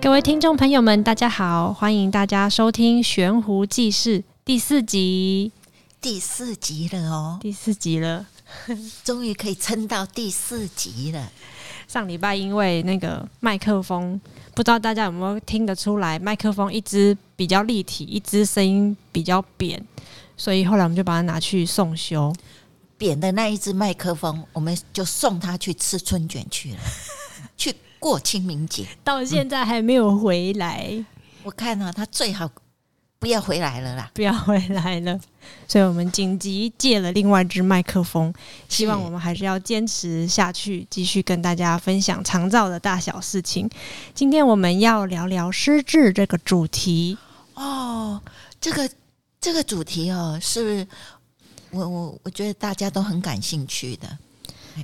各位聽眾朋友們，大家好！歡迎大家收聽《懸壺濟世》第四集，第四集了哦，第四集了，終於可以撐到第四集了。上禮拜因為那個麥克風，不知道大家有沒有聽得出來，麥克風一支比較立體，一支聲音比較扁，所以後來我們就把它拿去送修。點的那一隻麥克風，我們就送他去吃春卷去了， 去過清明節，到現在還沒有回來。嗯、我看了、啊，他最好不要回來了啦，不要回來了。所以我們緊急借了另外一隻麥克風，希望我們還是要堅持下去，繼續跟大家分享長照的大小事情。今天我們要聊聊失智、這個哦這個、這個主題哦，這個這個主題哦是。我我我覺得大家都很感興趣的，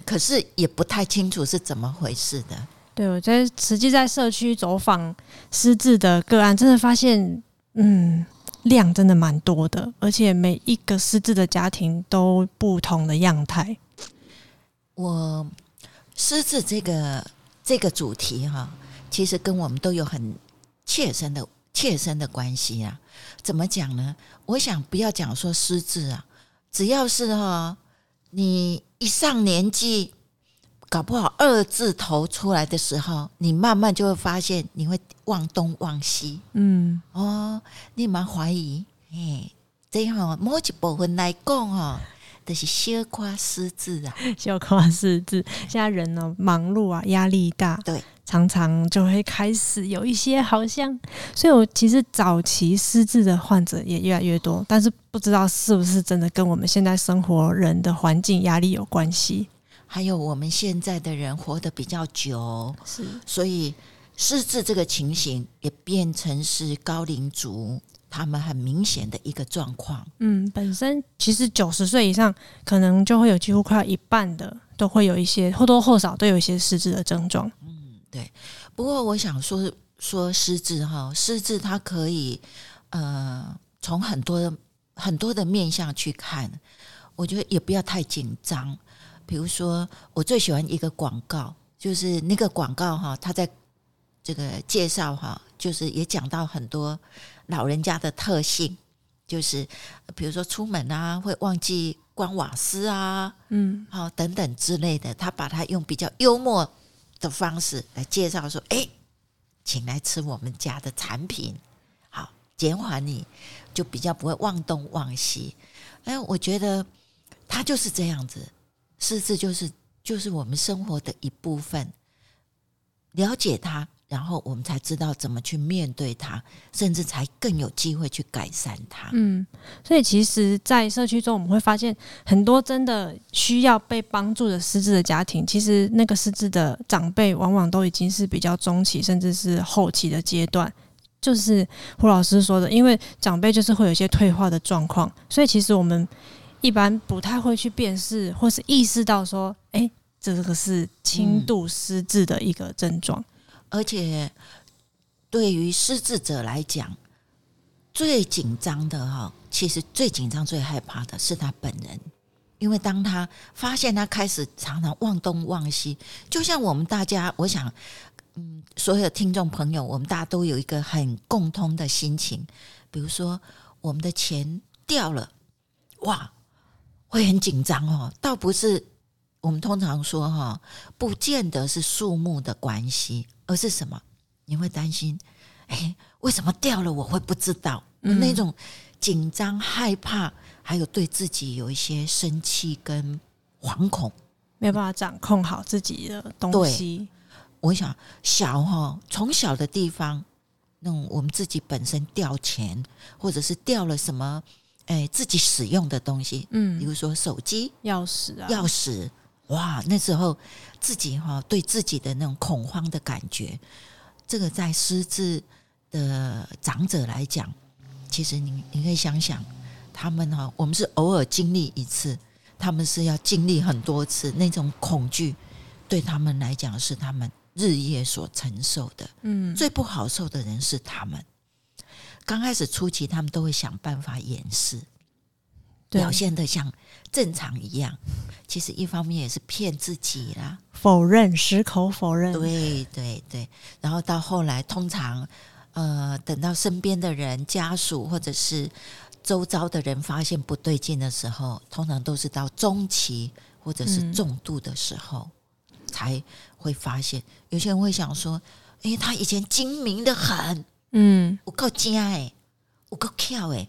可是也不太清楚是怎麼回事的。對，我覺得實際在社區走訪失智的個案，真的發現，嗯，量真的蠻多的，而且每一個失智的家庭都不同的樣態。我失智這個這個主題哈、啊，其實跟我們都有很切身的切身的關係啊。怎麼講呢？我想不要講說失智啊。只要是哈，你一上年紀，搞不好二字頭出來的時候，你慢慢就會發現，你會忘東忘西，嗯哦，你蠻懷疑，哎，這樣、哦、啊，某一部分來講哈、哦。這是斜跨失智啊，斜跨失智。現在人呢，忙碌啊，壓力大，對，常常就會開始有一些好像。所以我其實早期失智的患者也越來越多，但是不知道是不是真的跟我們現在生活人的環境壓力有關係？還有我們現在的人活得比較久，是，所以失智這個情形也變成是高齡族。他們很明顯的一個狀況，嗯，本身其實九十歲以上，可能就會有幾乎快要一半的都會有一些或多或少都有一些失智的症狀，嗯，對。不過我想說說失智哈、哦，失智它可以呃從很多的很多的面向去看，我覺得也不要太緊張。比如說，我最喜歡一個廣告，就是那個廣告哈、哦，它在這個介紹哈、哦，就是也講到很多。老人家的特性就是，比如說出門啊，會忘記關瓦斯啊，嗯，好等等之類的。他把他用比較幽默的方式來介紹，說：“哎，請來吃我們家的產品，好，減緩你，就比較不會忘東忘西。”哎，我覺得他就是這樣子，甚至就是就是我們生活的一部分，了解他。然後我們才知道怎麼去面對它，甚至才更有機會去改善它。嗯，所以其實，在社區中，我們會發現很多真的需要被幫助的失智的家庭。其實，那個失智的長輩往往都已經是比較中期，甚至是後期的階段。就是胡老師說的，因為長輩就是會有一些退化的狀況，所以其實我們一般不太會去辨識，或是意識到說，哎，這個是輕度失智的一個症狀。嗯而且，對於失智者來講，最緊張的哈，其實最緊張、最害怕的是他本人，因為當他發現他開始常常忘東忘西，就像我們大家，我想，嗯，所有聽眾朋友，我們大家都有一個很共通的心情，比如說我們的錢掉了，哇，會很緊張哦。倒不是我們通常說哈，不見得是數目的關係。而是什麼？你會擔心，哎、欸，為什麼掉了？我會不知道，嗯、那種緊張、害怕，還有對自己有一些生氣跟惶恐，沒有辦法掌控好自己的東西。嗯、對，我想小哈，從小的地方，那種我們自己本身掉錢，或者是掉了什麼，欸、自己使用的東西，嗯，比如說手機、鑰匙啊，鑰匙。哇，那時候自己哈對自己的那種恐慌的感覺，這個在失智的長者來講，其實你你可以想想，他們哈，我們是偶爾經歷一次，他們是要經歷很多次，那種恐懼對他們來講是他們日夜所承受的，嗯，最不好受的人是他們。剛開始初期，他們都會想辦法掩飾。表現得像正常一樣，其實一方面也是騙自己啦，否認，矢口否認。對對對，然後到後來，通常呃，等到身邊的人、家屬或者是周遭的人發現不對勁的時候，通常都是到中期或者是重度的時候、嗯、才會發現。有些人會想說：“因為他以前精明得很，嗯，我夠精哎，我夠巧哎。”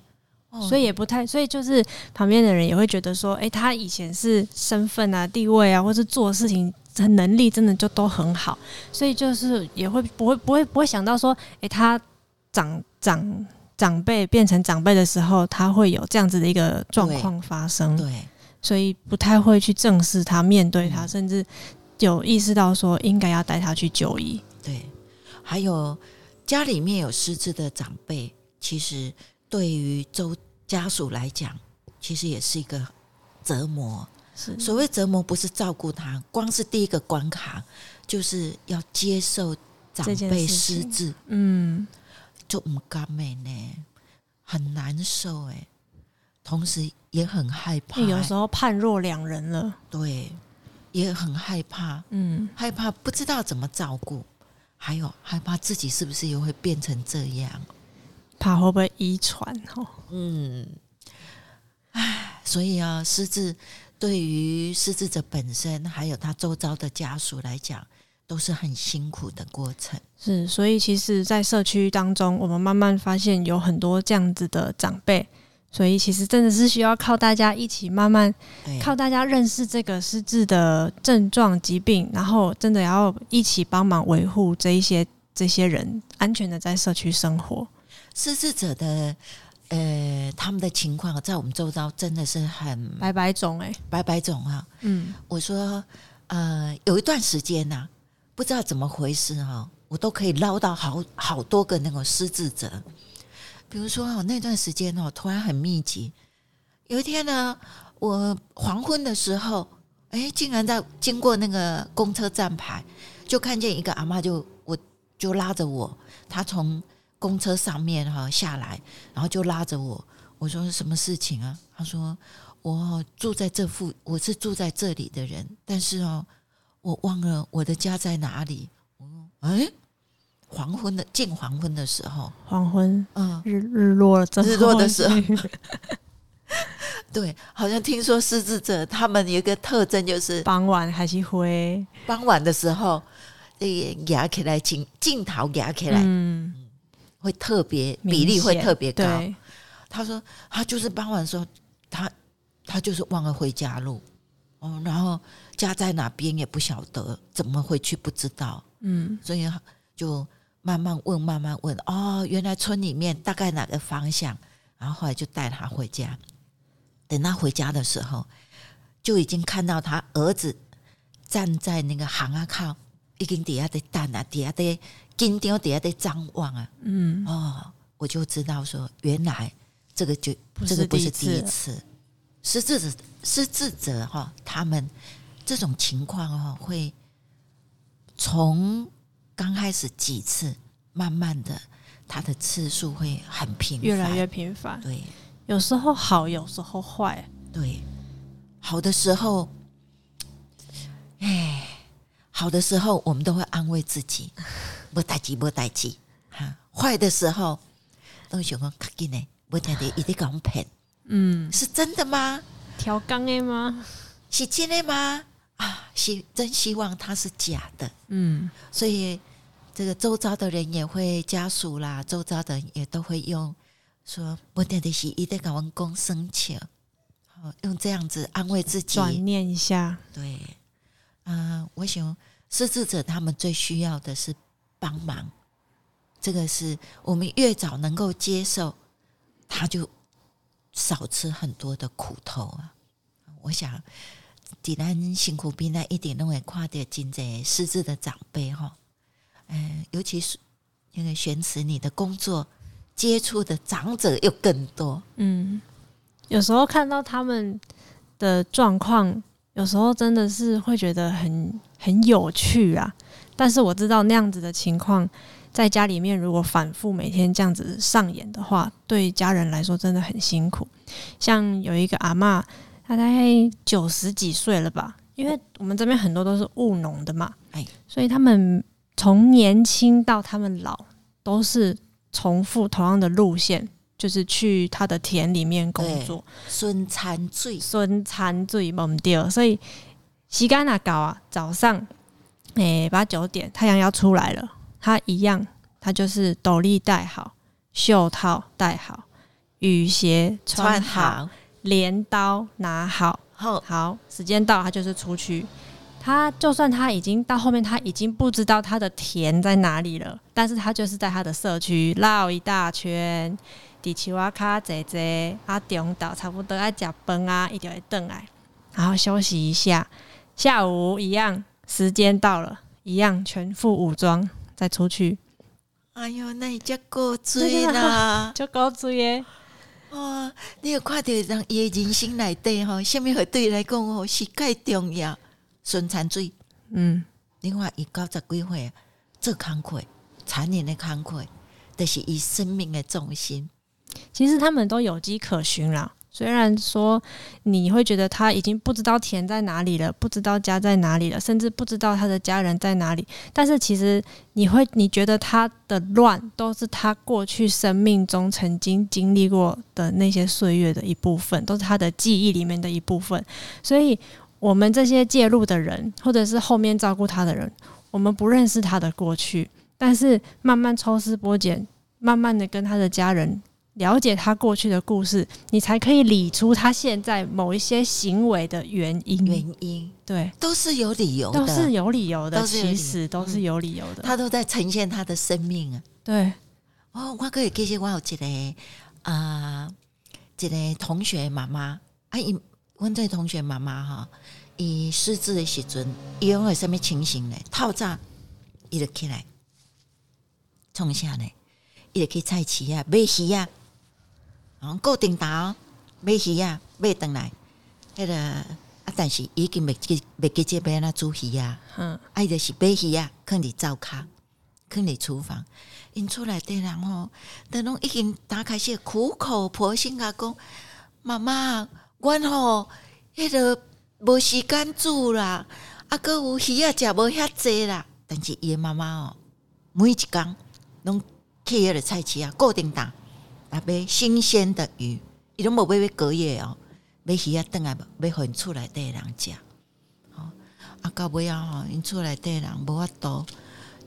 所以也不太，所以就是旁邊的人也會覺得說，哎、欸，他以前是身份啊、地位啊，或是做的事情、能力真的就都很好，所以就是也會不會不會不會想到說，哎、欸，他長長長輩變成長輩的時候，他會有這樣子的一個狀況發生，對，對，所以不太會去正視他、面對他、嗯，甚至有意識到說應該要帶他去就醫。對，還有家裡面有失智的長輩，其實。對於周家屬來講，其實也是一個折磨。是所謂折磨，不是照顧他，光是第一個關卡就是要接受長輩失智，嗯，就唔甘美、欸、呢，很難受哎、欸。同時也很害怕、欸，有時候判若兩人了。對，也很害怕，嗯，害怕不知道怎麼照顧，還有害怕自己是不是又會變成這樣。怕會不會遺傳哦？嗯，唉，所以啊，失智對於失智者本身，還有他周遭的家屬來講，都是很辛苦的過程。是，所以其實，在社區當中，我們慢慢發現有很多這樣子的長輩，所以其實真的是需要靠大家一起慢慢，靠大家認識這個失智的症狀疾病，然後真的要一起幫忙維護這一些這一些人安全的在社區生活。失智者的，呃，他們的情況在我們周遭真的是很百百種哎、欸，百百種啊。嗯，我說，呃，有一段時間呢、啊，不知道怎麼回事哈、啊，我都可以撈到好好多個那個失智者。比如說哦，那段時間哦，突然很密集。有一天呢，我黃昏的時候，哎，竟然在經過那個公車站牌，就看見一個阿嬤，就我就拉着我，她從。公車上面哈下來，然後就拉着我。我說什麼事情啊？他說我住在這附，我是住在這裡的人，但是哦，我忘了我的家在哪裡。我說哎，黃昏的，近黃昏的時候，黃昏，啊、嗯，日日落日落的時候， 對，好像聽說失智者他們有一個特徵，就是傍晚還是會傍晚的時候，哎，牙起來鏡鏡頭牙起來，嗯。會特別，比例會特別高，他說他就是傍晚時候，他他就是忘了回家路，哦，然後家在哪邊也不曉得，怎麼回去不知道，嗯，所以就慢慢問慢慢問，哦，原來村裡面大概哪個方向，然後後來就帶他回家，等他回家的時候，就已經看到他兒子站在那個行啊靠，一根底下的蛋啊底下的。金雕底下在張望啊，嗯，哦，我就知道說，原來這個就這個不是第一次，是自責是自責哈，他們這種情況哦，會從剛開始幾次，慢慢的，他的次數會很頻繁，越來越頻繁，對，有時候好，有時候壞，對，好的時候，哎。好的時候，我們都會安慰自己，無代志，無代志。哈，壞的時候，都會想講，趕緊的。我點的一定搞崩。嗯，是真的嗎？調缸的嗎？是真的嗎？啊，希真希望它是假的。嗯，所以這個周遭的人也會家屬啦，周遭的人也都會用說，我說我點的是一定搞完工，省錢。好，用這樣子安慰自己，轉念一下。對，嗯、呃，我想。失智者他們最需要的是幫忙，這個是我們越早能夠接受，他就少吃很多的苦頭啊。我想，既然辛苦，比那一點都會快點進在失智的長輩哈、哦，嗯、呃，尤其是那個玄慈，你的工作接觸的長者又更多，嗯，有時候看到他們的狀況，有時候真的是會覺得很。很有趣啊，但是我知道那樣子的情況，在家裡面如果反覆每天這樣子上演的話，對家人來說真的很辛苦。像有一個阿嬤，她大概九十幾歲了吧，因為我們這邊很多都是務農的嘛，所以他們從年輕到他們老，都是重複同樣的路線，就是去她的田裡面工作，巡田水，巡田水，懵掉，所以。時間哪搞啊？早上，哎、欸，八九點，太陽要出來了。他一樣，他就是斗笠戴好，袖套戴好，雨鞋穿好，鐮刀拿好。好，好時間到，他就是出去。他就算他已經到後面，他已經不知道他的田在哪裡了，但是他就是在他的社區繞一大圈，地球啊，卡，姐姐啊，頂島，差不多愛食飯啊，一條頓來，然後休息一下。下午一樣，時間到了，一樣全副武裝再出去。哎呦，那就夠嘴呢，就夠嘴耶！哦，你要快點讓葉金星來對哈，下面對來講哦是太重要，順產最嗯。另外，以九十幾歲，這慷慨，殘年的慷慨，就是以生命的重心。其實他們都有跡可循了雖然說你會覺得他已經不知道田在哪裡了，不知道家在哪裡了，甚至不知道他的家人在哪裡，但是其實你會你覺得他的亂都是他過去生命中曾經經歷過的那些歲月的一部分，都是他的記憶裡面的一部分。所以，我們這些介入的人，或者是後面照顧他的人，我們不認識他的過去，但是慢慢抽絲剝繭，慢慢的跟他的家人。了解他過去的故事，你才可以理出他現在某一些行為的原因。原因對，都是有理由的，的都是有理由的，其實都是、嗯、都是有理由的。他都在呈現他的生命、啊。對，哦，我可以感謝我一個啊、呃，一個同學媽媽阿姨，我這位同學媽媽哈，以失智的時陣，因為什麼情形呢？套炸，一直起來，衝下來，一直去菜市啊，買魚啊。嗯、固定打、哦，買魚仔買轉來，迄個啊，但是伊已經袂記袂記這安怎煮魚仔、嗯、啊，伊著是買魚仔囥佇灶骹，囥佇廚房，因厝內底人吼、哦，等攏已經打開去苦口婆心啊，講媽媽，阮吼、哦，迄個無時間煮啦，啊，閣有魚仔食無遐濟啦，但是伊的媽媽吼，每一工攏起迄的菜市啊，固定打。啊，買新鮮的魚，伊攏無買微隔夜哦，喔，買魚啊等下買厝內底的人食，喔啊，好，好啊尾不吼因厝內底的人無法度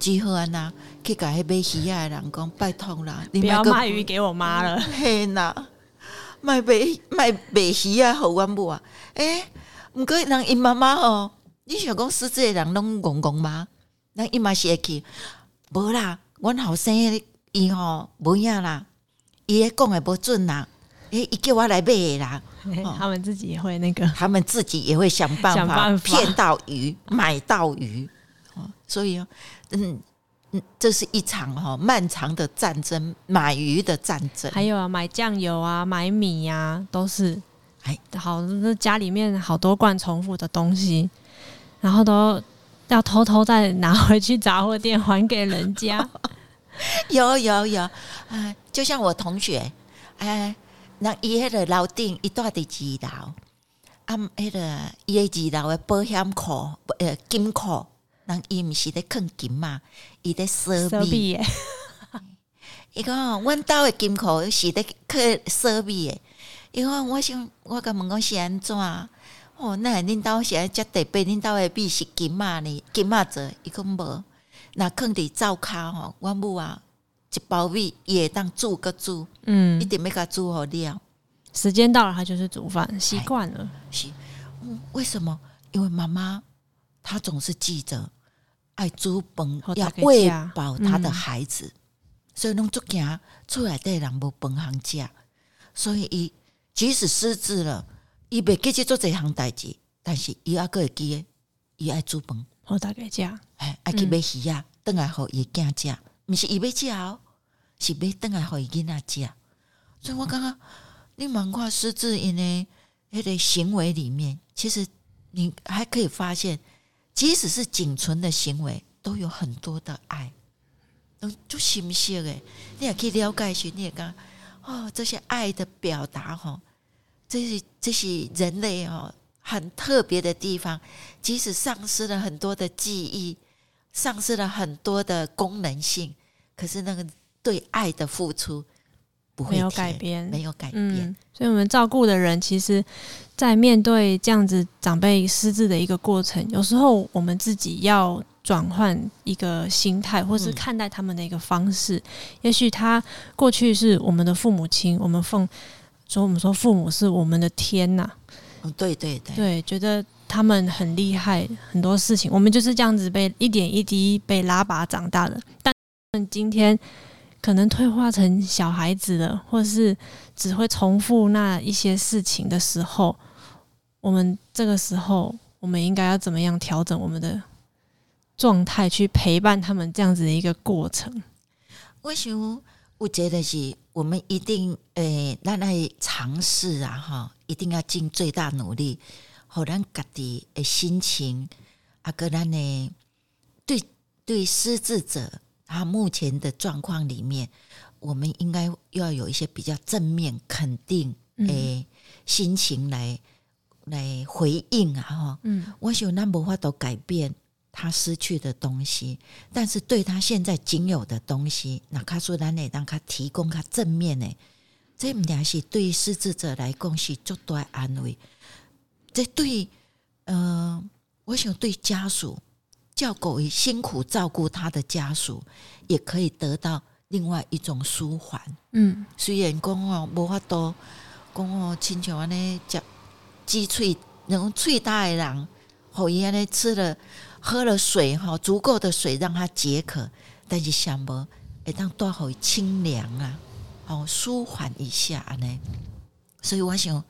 只好安那去甲迄買魚啊人講拜托啦，你不要賣魚給我媽了，嘿，哪，嗯，賣賣賣北魚啊好阮母啊！誒、 欸，毋過以讓伊媽媽吼，你想講市的人攏怣怣嗎？人伊媽會去，無啦，阮後生意以後無啦。爺爺講也不准吶，哎，一叫我來買的啦。他們自己也會那個，他們自己也會想辦法騙到魚、想買到魚。所以，嗯嗯，這是一場哦，漫長的戰爭，買魚的戰爭。還有啊，買醬油啊，買米呀、啊，都是哎，好多家裡面好多罐重複的東西，然後都要偷偷再拿回去雜貨店還給人家。 有有有，啊，就像我同學，啊，人伊迄個樓頂，伊蹛佇二樓，阿迄個伊的二樓的保險庫，呃，金庫，人伊毋是咧囥金仔，伊咧洗米。伊講， 阮兜的金庫是咧洗米的。伊講，我想，我甲問講是安怎？哦，那恁兜是安怎遮特別恁兜的米是金仔呢？金仔者，伊講無。那囥佇灶骹吼，阮母啊，一包米伊會當煮閣煮，嗯，一定要甲煮予了,了。時間到了，她就去煮飯，習慣了。習，嗯，為什麼？因為媽媽她總是記着愛煮飯，要餵飽她的孩子，所以攏足驚厝內底人無飯通食。所以伊即使失智了，伊袂記起做這一項代志，但是伊猶閣會記得，伊愛煮飯。我大概講，哎，愛去買魚呀，鄧、嗯、來豪也加加，不是也被加哦，是被鄧愛豪也加加。所以我感覺、嗯，你蠻誇失智，因為那個行為裡面，其實你還可以發現，即使是僅存的行為，都有很多的愛。能做不性的，你也可以了解些，你也講哦，這些愛的表達吼，這些這些人類哈、喔。很特別的地方，即使喪失了很多的記憶，喪失了很多的功能性，可是那個對愛的付出不會，沒有改變，沒有改變。嗯、所以，我們照顧的人，其實，在面對這樣子長輩失智的一個過程，有時候我們自己要轉換一個心態，或是看待他們的一個方式。嗯、也許他過去是我們的父母親，我們奉，所以我們說父母是我們的天吶、啊。哦，對對對，對，覺得他們很厲害，很多事情，我們就是這樣子被一點一滴被拉拔長大的。但他們今天可能退化成小孩子了，或是只會重複那一些事情的時候，我們這個時候我們應該要怎麼樣調整我們的狀態，去陪伴他們這樣子的一個過程？為什麼？我覺得是，我們一定誒，咱來嘗試啊，哈，一定要盡最大努力，好咱家己的心情啊，格咱呢，對對失智者，他目前的狀況裡面，我們應該要有一些比較正面肯定誒心情來、嗯、來回應啊，哈，嗯，我想那無法度改變。他失去的東西，但是對他現在僅有的東西，那卡蘇丹得讓他提供他正面的，這樣是對於失智者來講是最大安慰。這對，呃，我想對家屬，叫狗辛苦照顧他的家屬，也可以得到另外一種舒緩。嗯，雖然講哦，無法度講哦，親像安尼叫雞脆，那種脆大的人，後伊安尼吃了。喝了水哈，足夠的水讓它解渴，但是想不，會當帶予伊清涼啊，好舒緩一下呢。所以我想，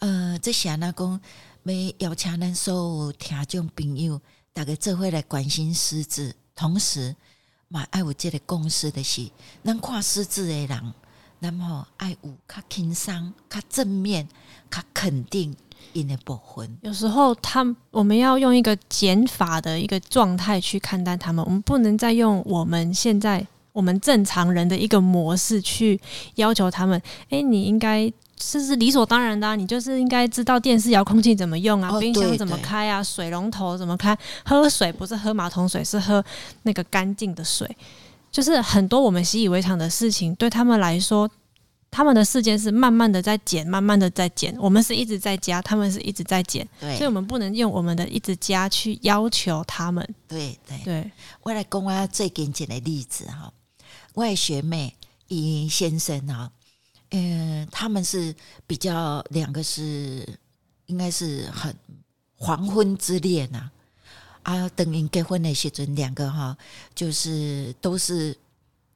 呃，這是按怎講，要邀請咱所有聽眾朋友，大家做伙來關心失智，同時嘛愛有一個共識的，就是，是咱看失智的人，那麼愛有較輕鬆、較正面、較肯定。有時候他們，他們我們要用一個減法的一個狀態去看待他們。我們不能再用我們現在我們正常人的一個模式去要求他們。哎、欸，你應該這是理所當然的，啊，你就是應該知道電視遙控器怎麼用啊，哦，冰箱怎麼開啊，對對對，水龍頭怎麼開，喝水不是喝馬桶水，是喝那個乾淨的水。就是很多我們習以為常的事情，對他們來說。他們的時間是慢慢的在減，慢慢的在減。我們是一直在加，他們是一直在減。對，所以我們不能用我們的一直加去要求他們。對對對。我來講啊。最典型的例子哈，外學妹尹先生啊，嗯、呃，他們是比較兩個是應該是很黃昏之戀吶、啊，啊，等於結婚那些準兩個哈，就是都是。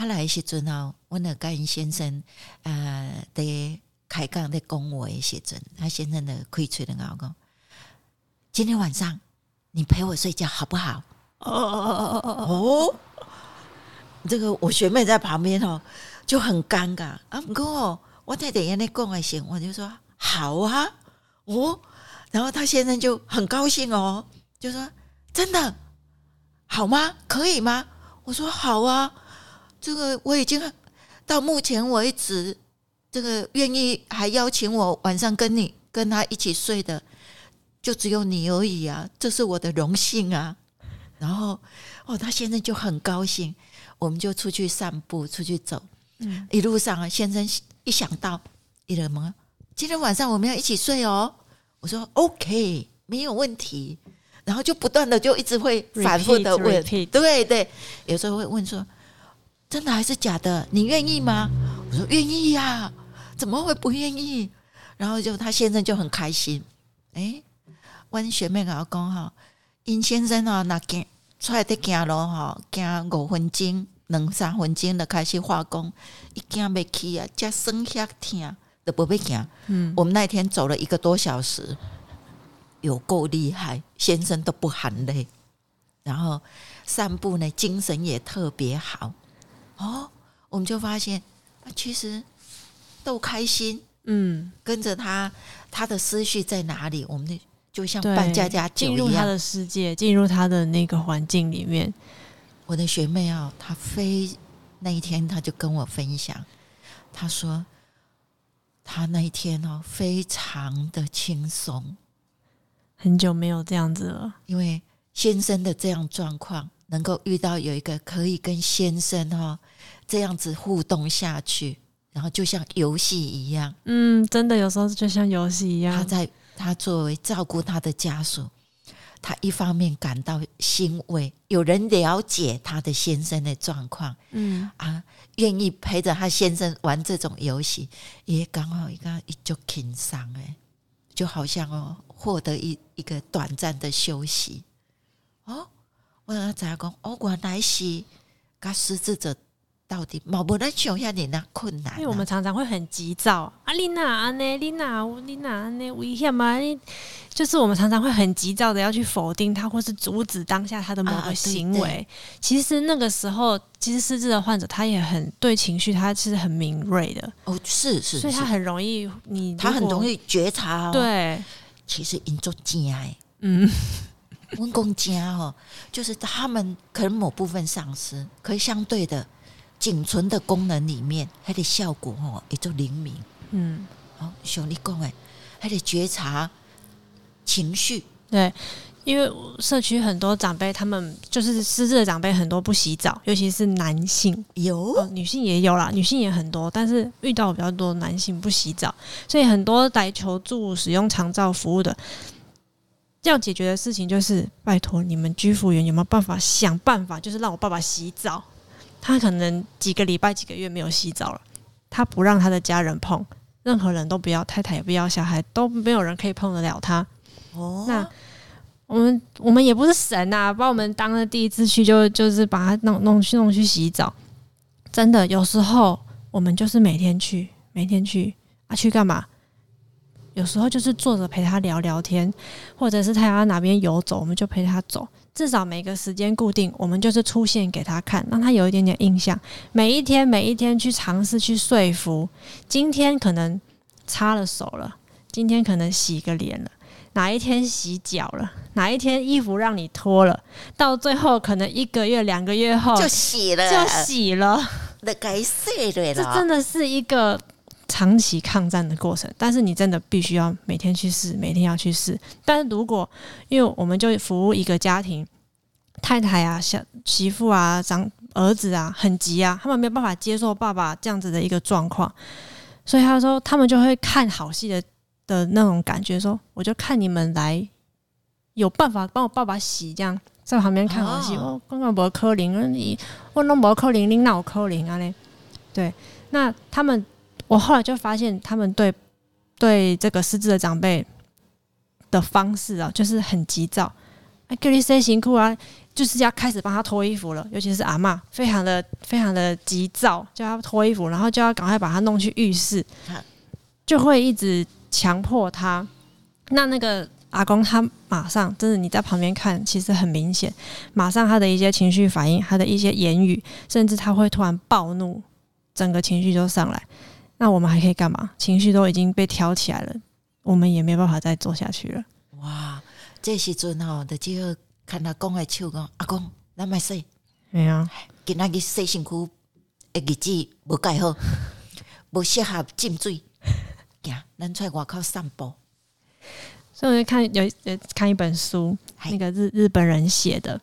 他來寫真哦，我那跟先生呃，得開講在恭維寫真。他先生的可以吹的嗷，講今天晚上你陪我睡覺好不好？哦哦哦哦哦！這個我學妹在旁邊哦，就很尷尬啊！我跟我我再等一下再恭愛些，我就說好啊哦，哦。然後她先生就很高興哦，就說真的好嗎？可以嗎？我說好啊。這個我已經到目前為止，這個願意還邀請我晚上跟你跟他一起睡的，就只有你而已啊！這是我的榮幸啊。然後，哦，他先生就很高興，我們就出去散步，出去走。嗯，一路上啊，先生一想到，一什麼？今天晚上我們要一起睡哦。我說 OK，沒有問題。然後就不斷的就一直會反覆的問，repeat, repeat。對對，有時候會問說。真的還是假的？你願意嗎？我說願意呀、啊，怎麼會不願意？然後就他先生就很開心。哎，我學妹跟我講哈，殷先生啊，那跟出來得行咯哈，行五分鐘、兩三分鐘就開始化工，一件沒去啊，加剩下聽都不被講、嗯。我們那天走了一個多小時，有夠厲害，先生都不喊累，然後散步呢，精神也特別好。哦，我們就發現，其實都開心，嗯，跟着他，他的思緒在哪裡？我們就像辦家家，進入他的世界，進入他的那個環境裡面。我的學妹啊、喔，她非那一天，她就跟我分享，她說，她那一天哦、喔，非常的輕鬆，很久沒有這樣子了，因為。先生的這樣狀況，能夠遇到有一個可以跟先生哈、哦、這樣子互動下去，然後就像遊戲一樣，嗯，真的有時候就像遊戲一樣。他在他作為照顧他的家屬，他一方面感到欣慰，有人了解他的先生的狀況，嗯啊，願意陪着他先生玩這種遊戲，也剛好一個一就輕傷哎，就好像哦獲得一一個短暫的休息。哦，我怎樣講？哦，我來西，跟失智者到底，我不來想下你那困難、啊。因為我們常常會很急躁，阿麗娜、安內麗娜、烏麗娜、阿內危險嘛？就是我們常常會很急躁的要去否定他，或是阻止當下他的某個行為、啊對對。其實那個時候，其實失智的患者他也很對情緒，他是很敏銳的。哦，是是，是是，所以他很容易你，你他很容易覺察、哦。對，其實因做障礙，嗯。溫公家哦，就是他們可能某部分喪失，可以相對的僅存的功能裡面，它的效果哦，也就靈敏。嗯，好，小李共哎，還得覺察情緒。對，因為社區很多長輩，他們就是失智的長輩，很多不洗澡，尤其是男性有，哦，女性也有啦，女性也很多，但是遇到比較多男性不洗澡，所以很多來求助使用長照服務的。這樣解決的事情就是，拜託你們居服員有沒有辦法想辦法，就是讓我爸爸洗澡。他可能幾個禮拜、幾個月沒有洗澡了，他不讓他的家人碰，任何人都不要，太太也不要，小孩都沒有人可以碰得了他。哦，那我們我們也不是神吶、啊，把我們當了第一次去就就是把他弄弄去弄去洗澡。真的，有時候我們就是每天去每天去啊，去幹嘛？有時候就是坐着陪他聊聊天，或者是他要哪邊遊走，我們就陪他走。至少每個時間固定，我們就是出現給他看，讓他有一點點印象。每一天，每一天去嘗試去說服。今天可能擦了手了，今天可能洗個臉了，哪一天洗腳了，哪一天衣服讓你脫了，到最後可能一個月、兩個月後就洗了，就洗了。那該了，這真的是一個。長期抗戰的過程，但是你真的必須要每天去試，每天要去試。但是如果因為我們就服務一個家庭，太太啊、小媳婦啊、長兒子啊，很急啊，他們沒有辦法接受爸爸這樣子的一個狀況，所以他說他們就會看好戲的的那種感覺，說我就看你們來有辦法幫我爸爸洗，這樣在旁邊看好戲哦，剛、哦、剛不扣零，我弄不扣零你那我扣零啊嘞，對，那他們。我後來就發現，他們對對這個失智的長輩的方式啊，就是很急躁。哎、啊，叫你穿辛苦啊，就是要開始幫他脫衣服了。尤其是阿嬤，非常的非常的急躁，叫他脫衣服，然後就要趕快把他弄去浴室，就會一直強迫他。那那個阿公，他馬上，真的你在旁邊看，其實很明顯，馬上他的一些情緒反應，他的一些言語，甚至他會突然暴怒，整個情緒就上來。那我們還可以幹嘛？情緒都已經被挑起來了，我們也沒辦法再做下去了。哇，這時陣哦，我就只看阿公愛笑講：“阿公，那買洗，沒、哎、有，跟那個洗身軀，日子無改好，無 適合浸水行，咱 出來外口散步。”所以我就看有呃看一本書，那個日日本人寫的，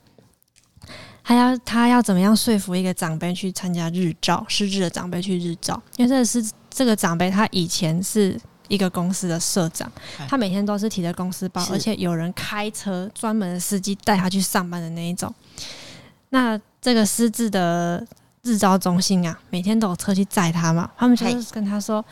他要他要怎麼樣說服一個長輩去參加日照，失智的長輩去日照，因為這個是。這個長輩他以前是一個公司的社長，他每天都是提着公司包，而且有人開車專門的司機帶他去上班的那一種。那這個失智的日照中心啊，每天都有車去載他嘛。他們就是跟他說，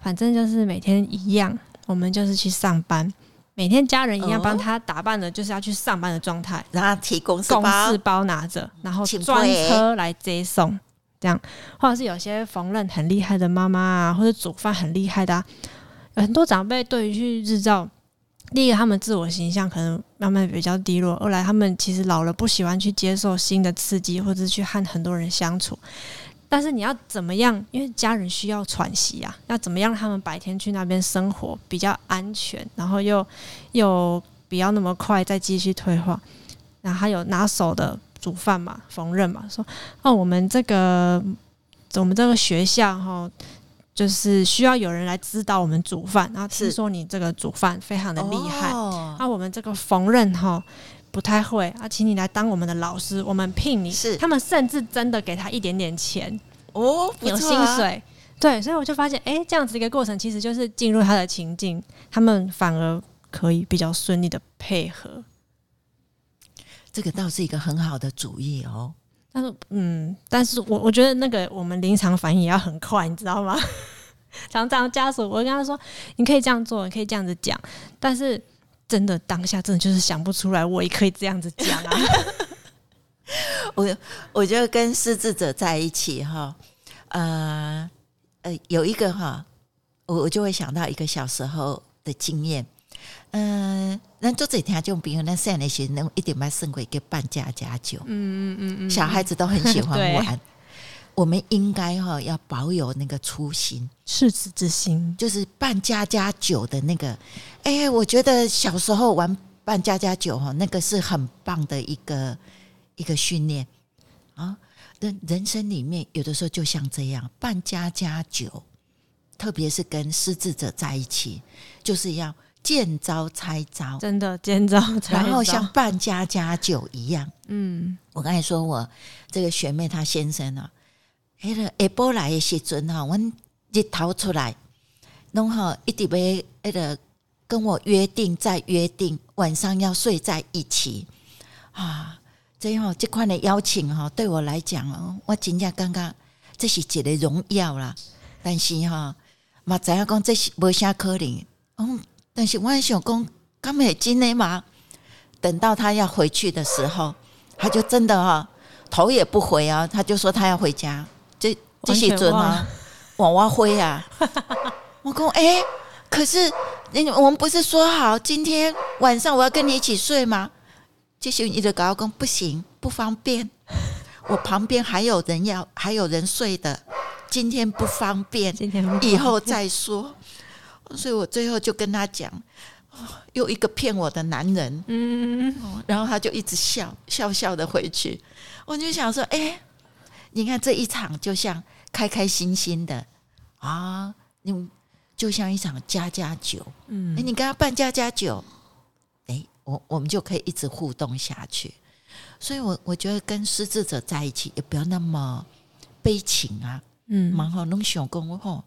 反正就是每天一樣，我們就是去上班，每天家人一樣幫他打扮的，就是要去上班的狀態，然後提公司包，公司包拿着，然後專車來接送。這樣，或者是有些縫紉很厲害的媽媽啊，或者煮飯很厲害的啊，有很多長輩對於去日照，第一個他們自我形象可能慢慢比較低落，二來他們其實老了不喜歡去接受新的刺激，或者是去和很多人相處。但是你要怎麼樣？因為家人需要喘息啊，要怎麼樣他們白天去那邊生活比較安全，然後又又不要那麼快再繼續退化。然後還有拿手的。煮飯嘛，縫紉嘛，說，那、哦、我們這個，我們這個學校哈、哦，就是需要有人來指導我們煮飯，然後聽說你這個煮飯非常的厲害，那、哦啊、我們這個縫紉哈、哦、不太會，啊，請你來當我們的老師，我們聘你，是他們甚至真的給他一點點錢哦不錯、啊，有薪水，對，所以我就發現，哎，這樣子一個過程其實就是進入他的情境，他們反而可以比較順利的配合。這個倒是一個很好的主意哦。但是，嗯，但是我我覺得那個我們臨場反應也要很快，你知道嗎？常常家屬，我跟他說，你可以這樣做，你可以這樣子講。但是，真的當下真的就是想不出來，我也可以這樣子講啊 我。我我覺得跟失智者在一起哈、哦，呃，呃，有一個哈，我我就會想到一個小時候的經驗。嗯、呃，那做這天就比如那現在那些，那一點半勝過一個扮家家酒。嗯嗯嗯嗯，小孩子都很喜歡玩。 我們應該哈、哦、要保有那個初心，赤子之心，就是扮家家酒的那個。哎，我覺得小時候玩扮家家酒哈、哦，那個是很棒的一個一個訓練啊、哦。人人生裡面有的時候就像這樣，扮家家酒，特別是跟失智者在一起，就是要。見招拆招，真的見招拆招。然後像扮家家酒一樣。嗯，我剛才說我這個學妹她先生啊，迄、那個下晡來嘅時陣哈、啊，我日頭出來，儂哈、啊、一直要迄、那個跟我約定再約定晚上要睡在一起啊。這樣、哦、這款的邀請哈、啊，對我來講啊，我真的感覺這是一個榮耀啦，但是哈、啊，我怎要講這是沒啥可能。嗯。但是萬曉公剛沒進來嘛，等到他要回去的時候，他就真的哈、喔、頭也不回啊、喔，他就說他要回家，這這些尊啊，往挖灰呀。我說，欸，可是你我們不是說好今天晚上我要跟你一起睡嗎？ 這些一直搞要不行不方便，我旁邊還有人要還有人睡的，今天不方便，今天以後再說。所以我最後就跟他講，哦，又一個騙我的男人，嗯，然後他就一直笑笑笑的回去。我就想說，哎，欸，你看這一場就像開開心心的啊，你就像一場家家酒，嗯，欸，你跟他辦家家酒，哎，欸，我我們就可以一直互動下去。所以我，我我覺得跟失智者在一起也不要那麼悲情啊，嗯，蠻好，攏想跟我吼。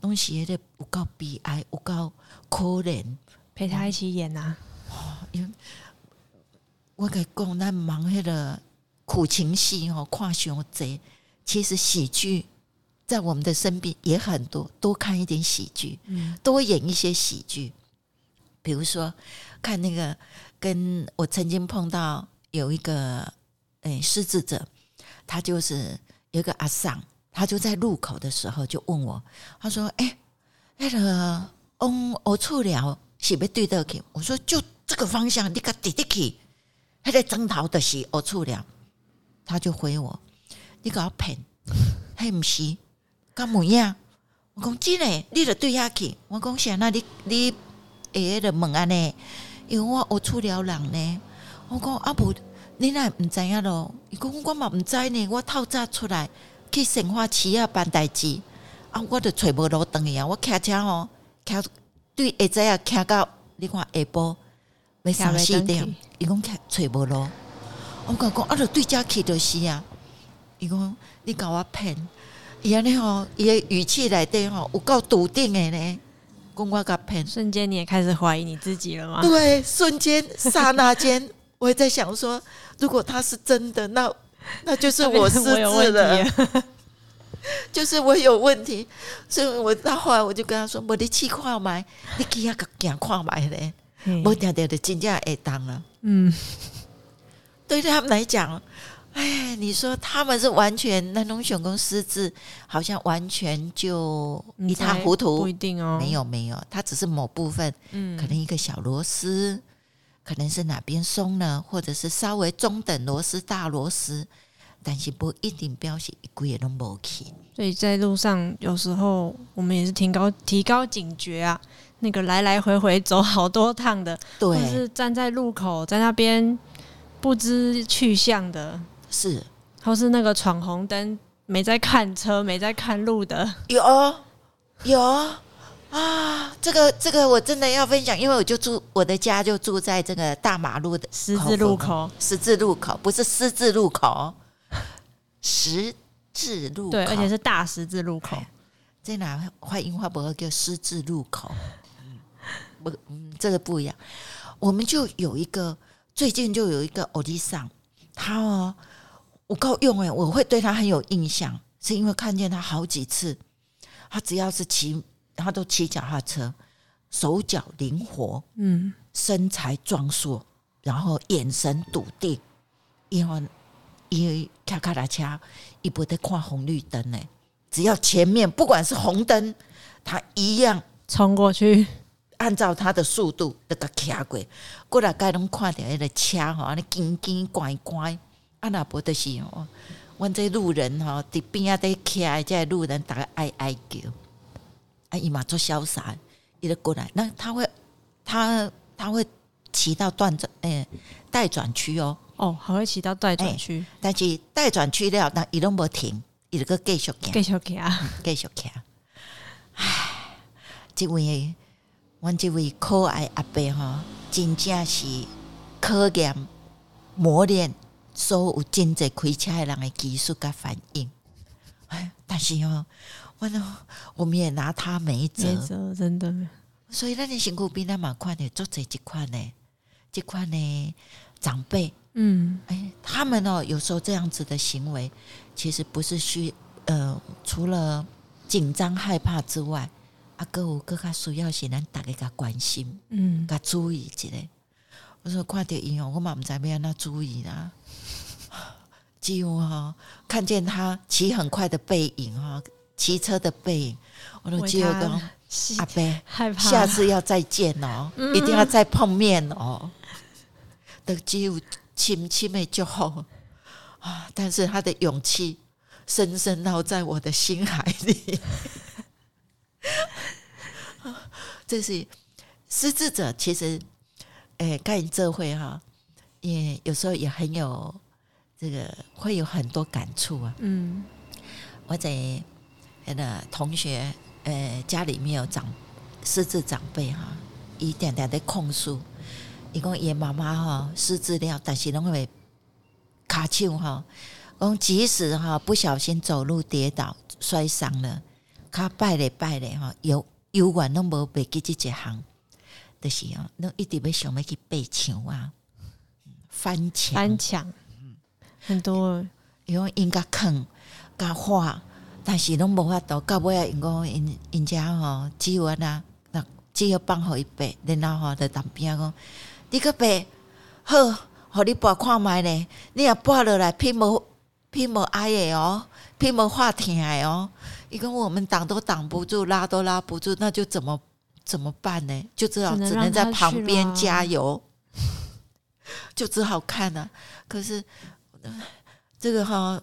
東西也得有夠悲哀，有夠可憐，陪他一起演吶、啊。我跟你講，南忙那個苦情戲哈，跨我。賊。其實喜劇在我們的身邊也很多，多看一點喜劇，嗯，多演一些喜劇。比如說，看那個，跟我曾經碰到有一個哎失智者，他就是有一個阿桑他就在路口的時候就問我，他說：“誒、欸，那個，嗯，我出了，先別對到去。”我說：“就這個方向，你自己、那個滴滴去。”他在爭頭的是我出了，他就回我：“你給我騙，還唔是？幹嘛呀？”我講真的，你了對下去。我講想那裡，你爺爺的門啊呢？因為我我出了人呢。我講啊，伯，你那唔知呀咯？伊講我嘛唔知呢。我透早出來。去新華市仔辦代志啊！我著揣無路轉去啊。我騎車吼騎對，會知影騎到你看下晡沒三四點，伊講騎揣無路。我甲講，我啊著對遮去著是啊。伊講你甲我騙，伊安尼吼伊的語氣內底吼，有夠篤定的咧，講我甲騙，瞬間你也開始懷疑你自己了嗎？對，瞬間剎那間， 我在想說，如果他是真的，那……那就是我失智的，就是我有問題，所以我到後來我就跟他說：“我的氣礦買，你給要個眼礦買嘞？我掉掉的金價也當了。”嗯，對他們來講，哎，你說他們是完全那種選工失智，好像完全就一塌糊塗，不一定哦。沒有沒有，他只是某部分，嗯，可能一個小螺絲。可能是哪邊鬆呢，或者是稍微中等螺絲、大螺絲，但是不一定表示一股也能磨起。所以在路上有時候我們也是提高提高警覺啊。那個來來回回走好多趟的，對，或是站在路口在那邊不知去向的，是，或是那個闖紅燈、沒在看車、沒在看路的，有，有。啊，這個這個我真的要分享，因為我就住我的家就住在這個大馬路的十字路口，十字路口不是十字路口，十字路口，對，而且是大十字路口，在哪塊櫻花博叫十字路口。不， 嗯，這個不一樣。我們就有一個最近就有一個歐吉桑，他我夠用哎、欸，我會對他很有印象，是因為看見他好幾次，他只要是騎。他都騎腳踏車，手腳靈活，嗯，身材壯碩，然後眼神篤定，因為因為騎腳踏車，伊不得看紅綠燈嘞。只要前面不管是紅燈，他一樣衝過去，按照他的速度那個騎過過來，該攏看到那個車哈，你緊緊怪怪，阿、啊、拉不得行，就是。哦。阮這路人哈，底邊阿得騎，這路人大家哎哎叫。啊，伊嘛做瀟灑，伊都過來，那他會，他他會騎到待轉，哎、欸，待轉區哦，哦，好會騎到待轉區，但是待轉區了，那伊攏無停，伊閣繼續騎，繼續騎繼、嗯、續騎唉，即這位，阮，即位可愛阿伯吼，真正是考驗磨練所有真濟開車的人的技術甲反應。但是喲、哦。完了，我們也拿他沒轍，真的。所以那你辛苦比那麼快的，做這幾塊呢，幾塊呢？長輩，嗯，哎，他們哦，有時候這樣子的行為，其實不是需呃，除了緊張害怕之外，阿、啊、各有各加需要先來大家較關心，嗯，較注意一下。我說看點應用，我媽媽在有那注意呢、啊， 幾乎哈、哦，看見他騎很快的背影哈、哦。騎車的背影，我都覺得阿伯害怕，下次要再見哦、嗯，一定要再碰面哦。等基友親親妹之後啊，但是他的勇氣深深烙在我的心海裡。 這是失智者，其實，哎、欸，看這會哈，也有時候也很有這個，會有很多感觸啊。嗯，我在。的同學，呃、欸，家裡面有長失智長輩哈，一點點的控訴，伊講爺媽媽哈失智了，但是攏會卡槍哈，講即使哈不小心走路跌倒摔傷了，卡拜嘞拜嘞哈，有有管攏無袂記這一行，就是啊，儂一直要想要去背牆啊，翻牆，翻牆，很多，有應該啃干畫。她但是攏無法度，到尾、喔、啊，因講因因家吼，只有安那那只有放互伊爸然後吼佇旁邊講：“你個爸好，互你跋看覓咧，你也跋落來，鼻無鼻無愛的哦、喔，鼻無法聽的哦、喔。”伊講，我們擋都擋不住，拉都拉不住，那就怎麼怎麼辦呢？就只好只能在旁邊加油，只 就只好看吶、啊。可是這個哈、喔。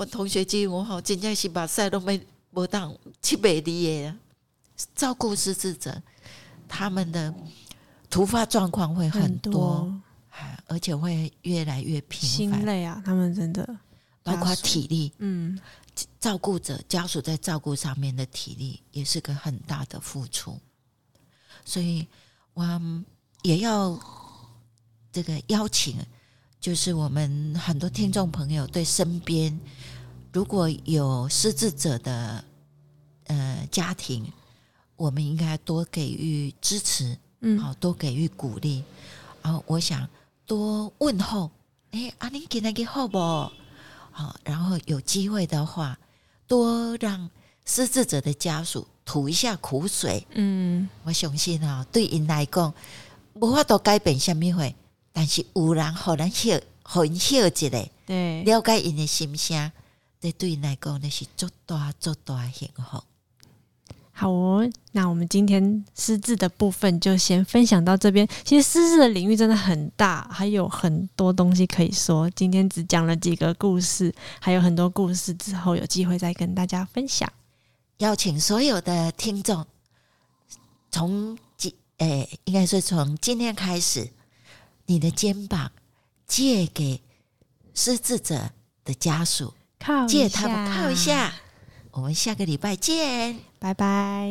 我同學記我好，真正是把賽都沒不當，淒美的照顧失智者，他們的突發狀況會很多，很多，而且會越來越頻繁。心累啊！他們真的，包括體力，嗯，照顧者家屬在照顧上面的體力也是個很大的付出。所以，我也要這個邀請，就是我們很多聽眾朋友對身邊。如果有失智者的呃家庭，我們應該多給予支持，嗯，好，多給予鼓勵，然後我想多問候，哎、欸，阿玲今仔日好無？好、嗯，然後有機會的話，多讓失智者的家屬吐一下苦水，嗯，我相信啊、哦，對人來講，無法度改變啥咪會，但是有人可能很很了一的，對，了解人的心聲。在對你來講，那是做大、做大的幸福。好哦，那我們今天失智的部分就先分享到這邊。其實失智的領域真的很大，還有很多東西可以說。今天只講了幾個故事，還有很多故事，之後有機會再跟大家分享。邀請所有的聽眾，從今誒，應該是從今天開始，你的肩膀借給失智者的家屬，靠，借他們靠一下，我們下個禮拜見，拜拜。